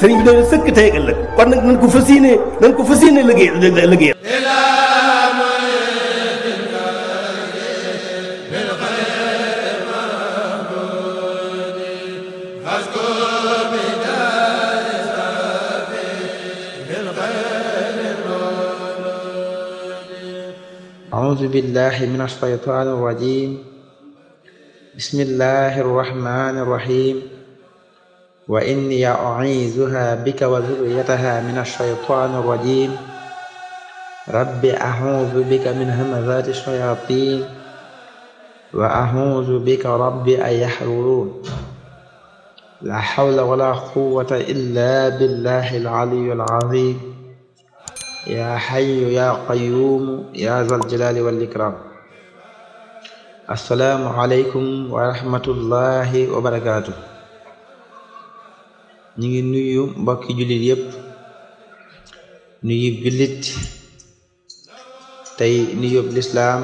sëriñ bi dana sëkk tey ëllëg kon nag nañ ko fas yéene nañ ko fas yéene liggéey liggéey أعوذ بالله من الشيطان الرجيم بسم الله الرحمن الرحيم wa inni u'iizuha bika wa dhurriyyataha mina ash-shaytaani rajiim rabbi a'uuzu bika min hamazaati ash-shayaatiin wa a'uuzu bika rabbi an yahduruun laa hawla wa laa quwwata illaa billaahil aliyyil aziim yaa hayyu yaa qayyuum yaa zal jalaali wal ikraam assalaamu aleykum wa rahmatullaahi wa barakaatuh ñi ngi nuyu mbokki jullit yépp nuyu jullit tey nuyub lislaam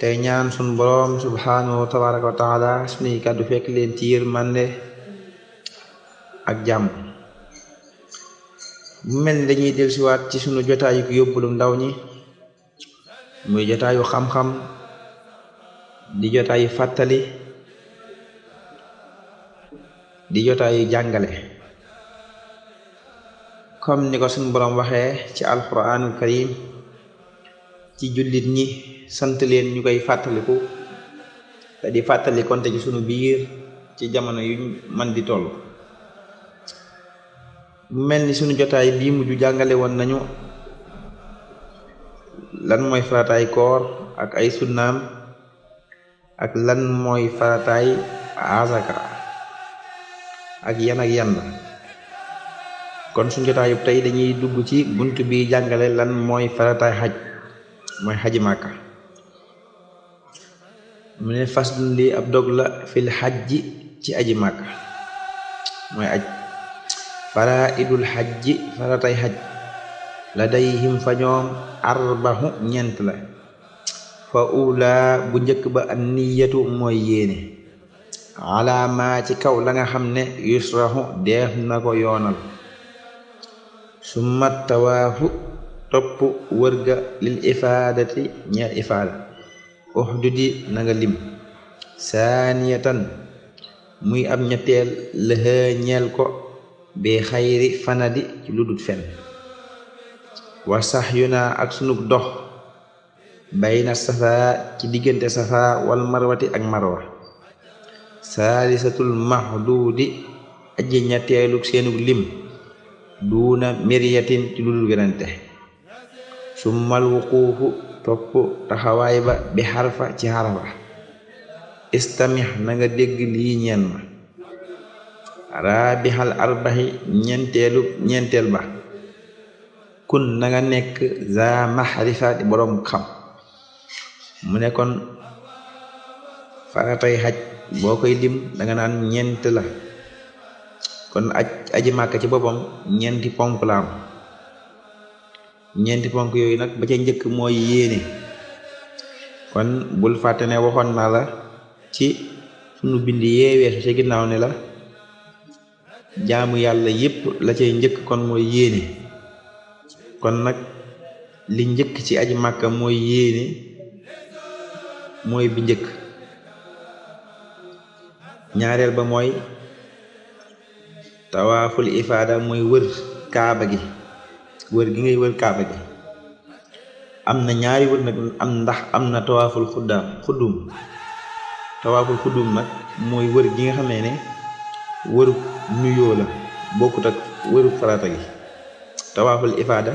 tey ñaan sun boroom subhaanahu wa tabaraka wa taala sunuy fekk leen ci yërmande ak jàmm bu mel ni dañuy dellusiwaat ci sunu jotaayu yóbbulum ndaw ñi muy jotaayu xam-xam di jotaayu fàttali di jotaayu jàngale comme ni ko suñu borom waxee ci alquranul karim ci jullit ñi sant leen ñu koy fàttaliku te di fàttali konte ci sunu biir ci jamono yuñ man di toll mel ni sunu jotaay bii mujj jàngale woon nañu lan mooy farataay koor ak ay sunnaam ak lan mooy farataay asaka ak yan ak yan la kon suñu tey dañuy dugg ci bunt bi jàngale lan mooy farataay xaj mooy xaji màkka mu ne fas dun ab dog la fil xaj ci aji màkka mooy aj faraidul xaj ji faratay xaj la day him fa ñoom arbaxu ñeent la fa ula bu njëkk ba an niyatu mooy yéene ala ci kaw la nga xam ne yusrahu deef na ko yoonal summa tawaafu topp wërga lil ifaadati ñeel ifaada uxdudi na nga lim saaniyatan muy ab ñetteel lëxëe ñeel ko bi xayri fanadi ci ludut fen wa sax yu naa ak sunug dox bayna safa ci diggante safa wal marwati ak marwa saalisatul mahduudi aji ñetteelug seenug lim duuna miryatin ci dul werante summal wuquufu topp taxawaay ba bi xarfa ci xarfa istamix na nga dégg lii ñeen ma raabixal arbaxi ñeenteelu ñeenteel ba kun na nekk za maxrifa di boroom xam mu ne kon faratay xaj boo koy lim danga naan ñeent la kon aj aji ci boppam ñeenti ponk la ñeenti ponk yooyu nag ba ca njëkk mooy yéene kon bul fàtte ne na la ci sunu bind yeeweesu ca ginnaaw ne la jaamu yàlla yëpp la cay njëkk kon mooy yéene kon nag li njëkk ci aji màkka mooy yéene mooy bi njëkk ñaareel ba mooy tawaaful ifaada mooy wër kaaba gi wër gi ngay wër kaaba gi am na ñaari wër nag am ndax am na tawaaful xuddaam xuddum tawaaful xuddum nag mooy wër gi nga xamee ne wëru nuyoo la bokkut ak wëru farata gi tawaaful ifaada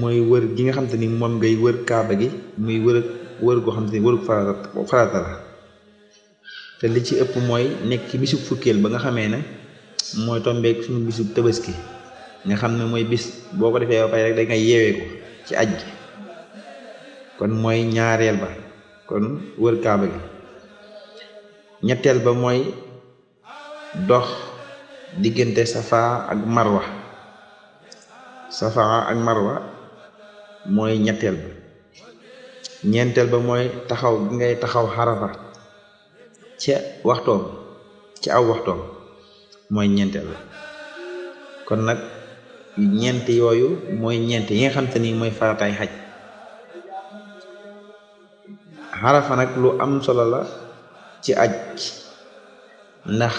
mooy wër gi nga xam te ni moom ngay wër kaaba gi muy wër wër goo xam te ni wëru la te li ci ëpp mooy nekk ci bisub fukkeel ba nga xamee ne mooy tombeek suñu bisu tabaski nga xam ne mooy bis boo ko defee ba pare rek da nga yeewee ko ci aj gi kon mooy ñaareel ba kon wër kaaba gi ñetteel ba mooy dox diggante safa ak marwa safa ak marwa mooy ñetteel ba ñeenteel ba mooy taxaw gi ngay taxaw xarafa ca waxtoom ci aw waxtoom mooy ñeenteel kon nag ñeent yooyu mooy ñeent yi nga xam te ni mooy farataay xaj xarafa nag lu am solo la ci aj ndax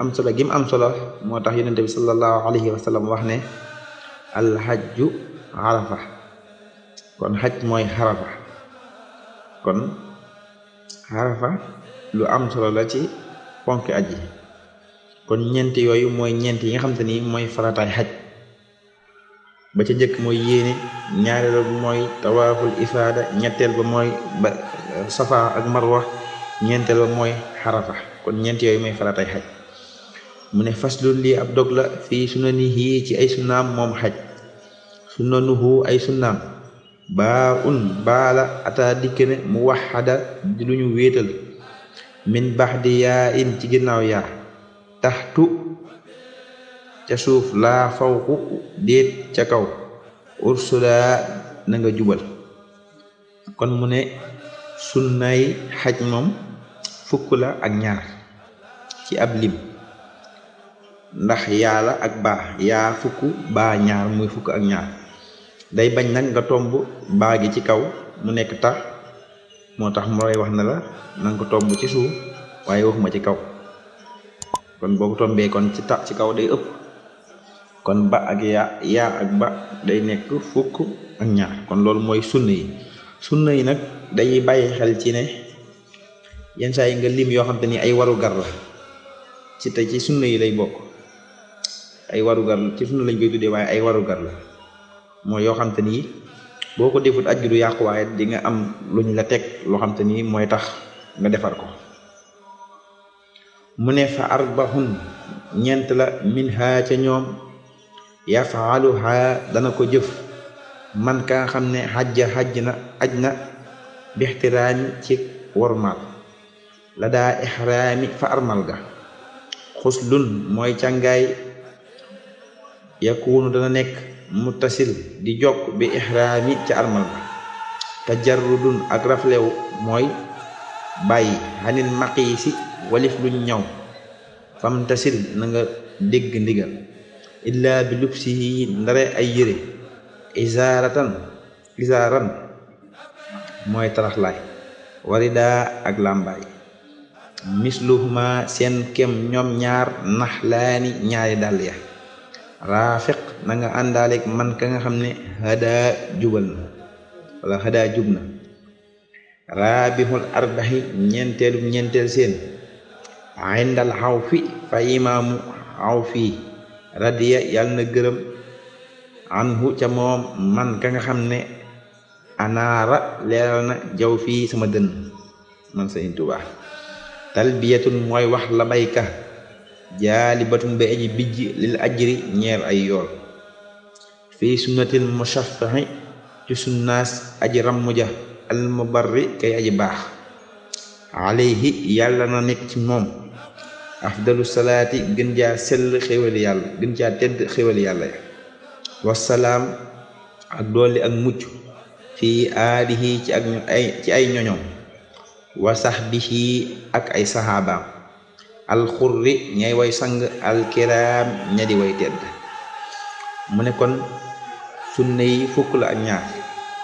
am solo gim am solo moo tax yonente bi sallallahu alayhi wa sallam wax ne alxajju xarafa kon xaj mooy xarafa kon xarafa lu am solo la ci ponk aj yi kon ñeent yooyu mooy ñeent yi nga xam ni mooy farataay xaj ba ca njëkk mooy yéene ñaareel ba mooy tawaaful ifaada ñetteel ba mooy ba ak marwa ñeenteel ba mooy xarafa kon ñeent yooyu mooy farataay xaj mu ne faslu lii ab dog la fii sunanihi ci ay sunnaam moom xaj sunanuhu ay sunnaam baa un baala ata dikke ne mu waxada di lu ñu wéetal min di yaa in ci ginnaaw yaa taxtu ca suuf laa fawqu déet ca kaw ursula na nga jubal kon mu ne sunnay xaj moom fukk la ak ñaar ci ab lim ndax yaa la ak baa yaa fukk baa ñaar muy fukk ak ñaar day bañ nag nga tomb baa gi ci kaw mu nekk tax moo tax mooy wax na la na nga ko tomb ci suuf waaye waxuma ci kaw kon boo ko tombee kon ci ta ci kaw day ëpp kon ba ak yaa yaa ak ba day nekk fukk ak ñaar kon loolu mooy sunna yi sunna yi nag dañuy bàyyi xel ci ne yenn saa yi nga lim yoo xam te ni ay warugar la ci tey ci sunna yi lay bokk ay warugar la ci sunna lañ koy tuddee waaye ay warugar la moo yoo xam nii boo ko defut aj gi du yàqu di nga am luñ la teg loo xam te nii mooy tax nga defar ko mu ne fa arbahun ñeent la min ha ca ñoom yafaaluha dana ko jëf man kaa xam ne xajja xajj na aj na bixtiraami ci wormaal la daa ixraami fa armal ga xuslun mooy càngaay yakunu dana nekk mu muttasil di jokk bi ixraami ca armal ba tajarrudun ak raflewu mooy bàyyi xanin maqiisi walif lu ñaw famtasil na nga dégg ndigal illaa bi lubsihi ndare ay yére isaaratan mooy taraxlaay waridaa ak làmbaay misluhuma seen kem ñoom ñaar naxlaani ñaari dàll ya raafiq na nga àndaaleeg man ka nga xam ne hadaa jubal na wala hadaa jub na raabihul arbaxi ñeenteelu ñeenteel seen indal xaw fi fa imaamu xaw fii radiya yal na gërëm anhu ca moom man ka nga xam ne anaara leeral na jaw fii sama dënn man Sëriñ Tuubaa talbiyatul mooy wax la bayka jaalibatun bay aji bijj lil ajri ñeel ay yool fii sunnatil mushaffahi ci sunnaas aji rammuja al mubarri kay aji baax alayhi yàlla na nekk ci moom afdalu salaati gën jaa sell xéwal yàlla gën jaa tëdd xéwal yàlla ya wasalaam ak doole ak mucc fii aalihi ci ak ay ci ay ñoñom wa saxbihi ak ay saxaabaam alxurri ñay woy sang alkiraam ña di way tedd mu ne kon sunna yi fukk la ak ñaar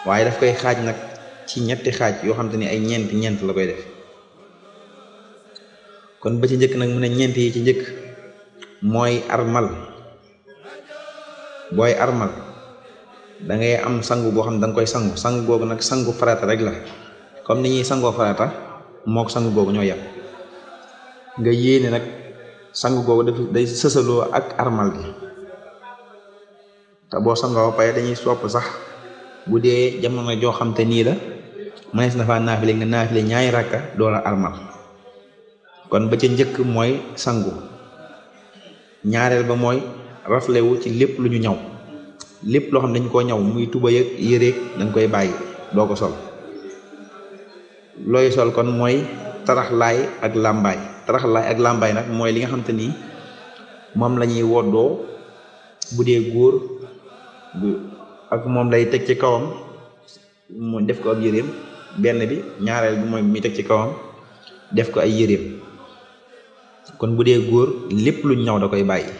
waaye daf koy xaaj nag ci ñetti xaaj yoo xam ni ay ñeent ñeent la koy def kon ba ci njëkk nag mu ne ñeent yi ci njëkk mooy armal booy armal da ngay am sangu boo xam ne da koy sangu sangu googu nag sangu farata rek la comme ni ñuy sangoo farata mook sangu googu ñoo yem nga yéene nag sangu googu daf day sësaloo ak armal gi te boo sangoo ba dañuy sopp sax bu dee jamono joo xam nii la mënees na faa naafile nga naafile ñaari rakka door a armal kon ba ca njëkk mooy sangu ñaareel ba mooy raflewu ci lépp lu ñu ñaw lépp loo xam dañ koo ñaw muy tubay ak yéreeg dañ koy bàyyi doo ko sol looy sol kon mooy taraxlaay ak làmbaay raxalaay ak làmbaay nag mooy li nga xam ni moom lañuy ñuy woddoo bu dee góor ak moom lay teg ci kawam mu def ko ak yëreem benn bi ñaareel bi mooy muy teg ci kawam def ko ay yëreem kon bu dee góor lépp lu ñaw da koy bàyyi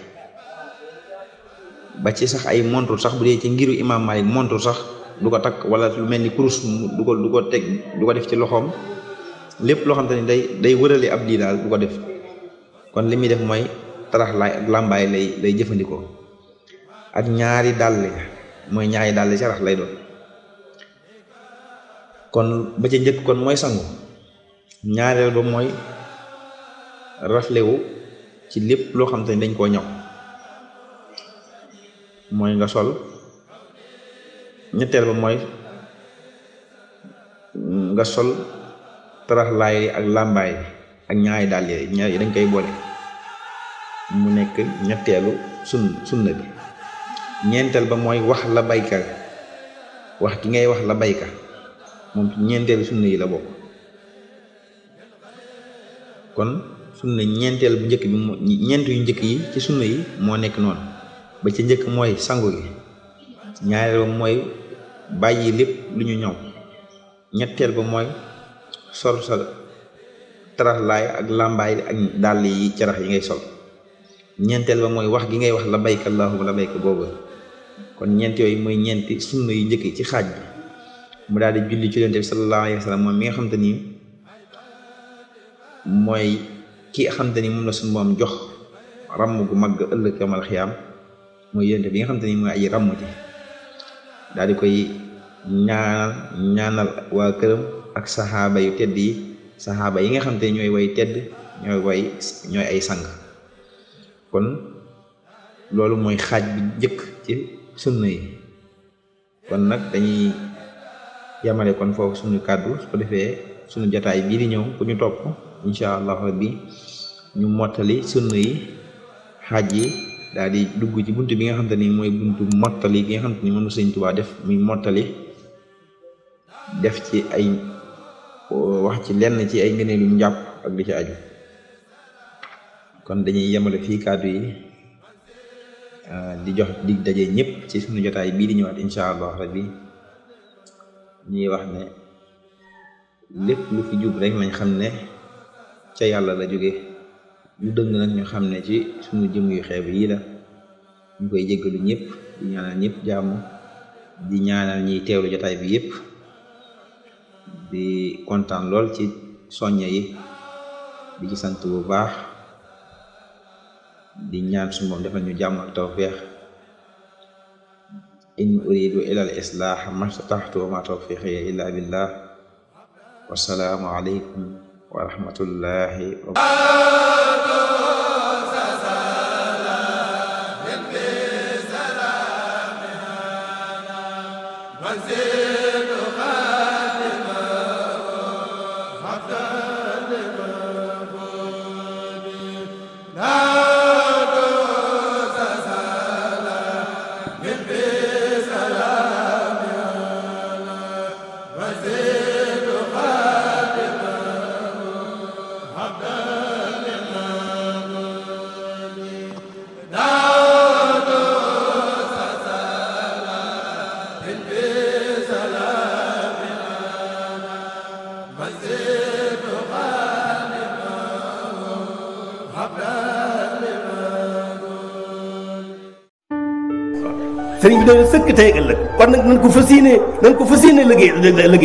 ba ci sax ay montre sax bu dee ci ngiru imaam Malik montre sax du ko takk wala lu mel ni kurus du ko ko teg du ko def ci loxoom lépp loo xam te ni day day wërale ab lii daal bu ko def kon li muy def mooy taraxlaay ak làmbaay lay lay jëfandikoo ak ñaari dàll mooy ñaari dàll sarax lay doon kon ba ca njëkk kon mooy sangu ñaareel ba mooy raflewu ci lépp loo xam te ni dañ koo ñaw mooy nga sol ñetteel ba mooy nga sol taraxlaay ak làmbaay ak ñaari dàll yi ñaar yi dañ koy boole mu nekk ñetteelu sun sunna bi ñeenteel ba mooy wax la bayka wax ki ngay wax la bayka moom ñeenteelu yi la bokk kon sunna ñeenteel bu njëkk bi moo yu njëkk yi ci sunna yi moo nekk noonu ba ci njëkk mooy sangu gi ñaareel mooy bàyyi lépp lu ñu ñow ñetteel ba mooy sol sa taraxlaay ak làmbaay ak dàll yi carax yi ngay sol ñeenteel ba mooy wax gi ngay wax la bayka allahuma la bayka boobu kon ñeenti yooyu mooy ñeenti sunna yu njëkk ci xaaj bi mu daal di julli ci yonent bi sallallahu alayhi wa moom mi nga xam ni mooy ki xam te ni moom la suñu jox ràmm gu mag ëllëg yamal xiyaam mooy yonent bi nga xam te ni mooy aji ràmm ji di koy ñaanal waa këram ak saxaaba yu tedd yi saxaaba yi nga xam te ñooy woy tedd ñooy woy ñooy ay sang kon loolu mooy xaaj bi njëkk ci sunna yi kon nag dañuy yamale kon foofu suñu kàddu su defee suñu jataay bii di ñëw ku ñu topp incha allah rabbi ñu mottali sunna yi xaaj yi daal di dugg ci bunt bi nga xam ni mooy buntu mottali gi nga xam ni moom Sëñ Tuubaa def muy mottali def ci ay wax ci lenn ci ay ngëneelu njàpp ak li ci aju kon dañuy yemale fii kàddu yi euh, di jox dig daje ñëpp ci suñu jotaay bii di ñëwaat incha allah rabbi ñuy wax ne lépp lu jub rek nañ xam ne ca yàlla la jóge ñu dëng nag ñu xam ne ci suñu jëm yu xeeb yii la ñu koy jéggalu ñëpp di ñaanal ñëpp jàmm di ñaanal ñiy teewlu jotaay bi yëpp di kontaan lool ci soññe yi di ci sant bu baax di ñaan su moom defal ñu jàmm ak tawfeex in uridu ila al islah mastataxtu wa ma tawfiqiya illa billah wasalaamu aleykum wa sëriñ bi da sëkk tey ëllëg kon nag nañ ko fas yéene nañ ko fas yéene liggéey liggéey